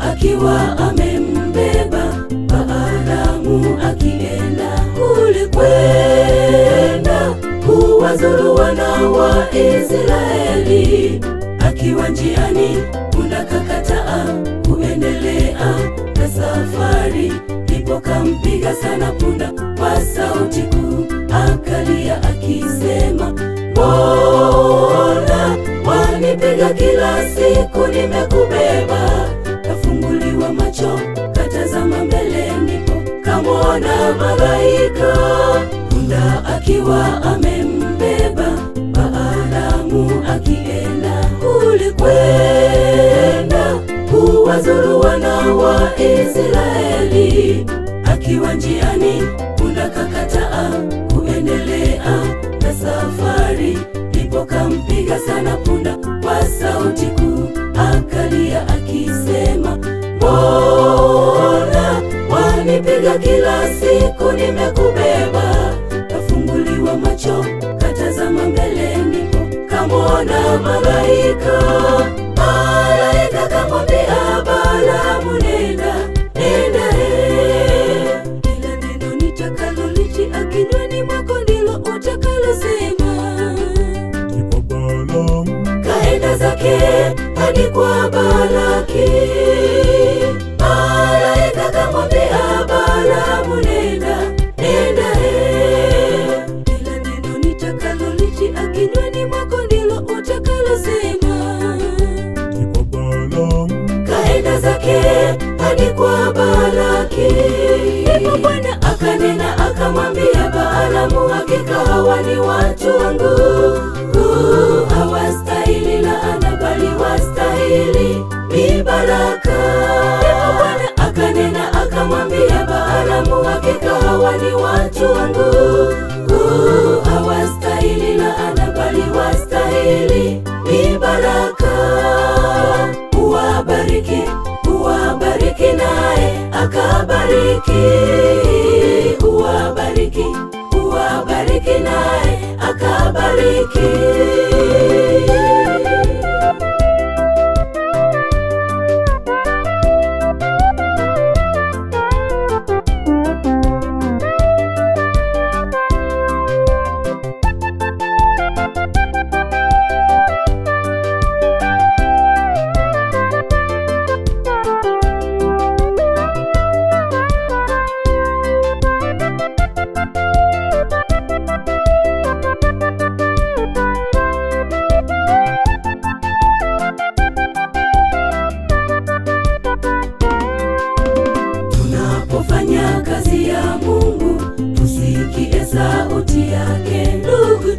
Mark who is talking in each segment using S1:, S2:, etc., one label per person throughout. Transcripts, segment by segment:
S1: akiwa amembeba Balaamu, akienda kulikwenda kuwazuru wana wa Israeli. Akiwa njiani, kakataa kuendelea na safari, ipo kampiga sana punda kwa sauti kuu, akalia akisema, Bwana wanipiga kila siku, nimekube malaika, punda akiwa amembeba Balaamu akienda ulikwenda kuwazuru wana wa Israeli. Akiwa njiani, punda kakataa kuendelea na safari, ndipo kampiga sana punda kwa sauti kuu, akalia akisema Bwana, kila siku nimekubeba, kafunguliwa macho, katazama mbele nipo, kamwona malaika. Malaika kamwambia Balaamu, nenda nenda, kila neno nitakalolitia kinywani mwako ndilo utakalosema. Ndipo Balaamu kaenda zake hadi kwa Balaki. hadi kwa Balaki. Ndipo Bwana akanena akamwambia Balaamu, hakika hawa ni watu wangu, hawastahili laana, bali wastahili ni baraka. Ndipo Bwana akanena akamwambia Balaamu, hakika hawa ni watu wangu, hawastahili laana, bali wastahili ni baraka. akabariki, huwabariki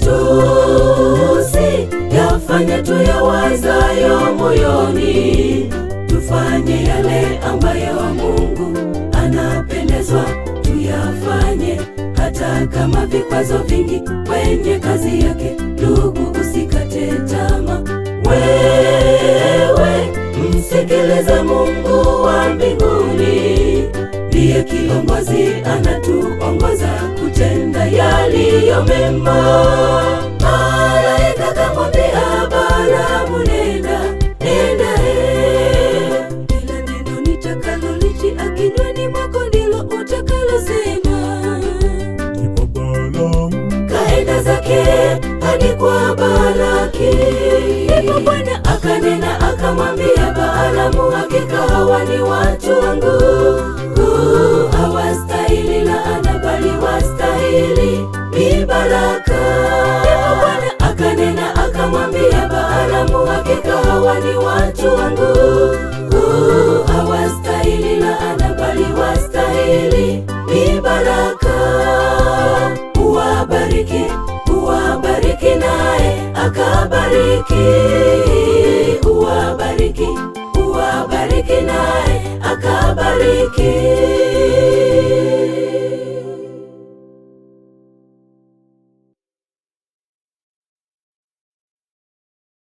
S1: tusi yafanye tuyawazayo moyoni, tufanye yale ambayo Mungu anapendezwa, tuyafanye hata kama vikwazo vingi kwenye kazi yake. Ndugu, usikate tamaa, wewe msekeleza Mungu wa mbinguni, ndiye kiongozi, anatuongoza kutenda yaliyo mema. utakalolitia kinywani mwako ndilo utakalosema. Kaenda zake hadi kwa Balaki, ndipo Bwana akanena akamwambia Balaamu, hakika hawa ni watu wangu, bali wastahili ni baraka. Ndipo Bwana akanena akamwambia Balaamu, hakika hawa ni huwabariki, huwabariki, huwabariki naye akabariki.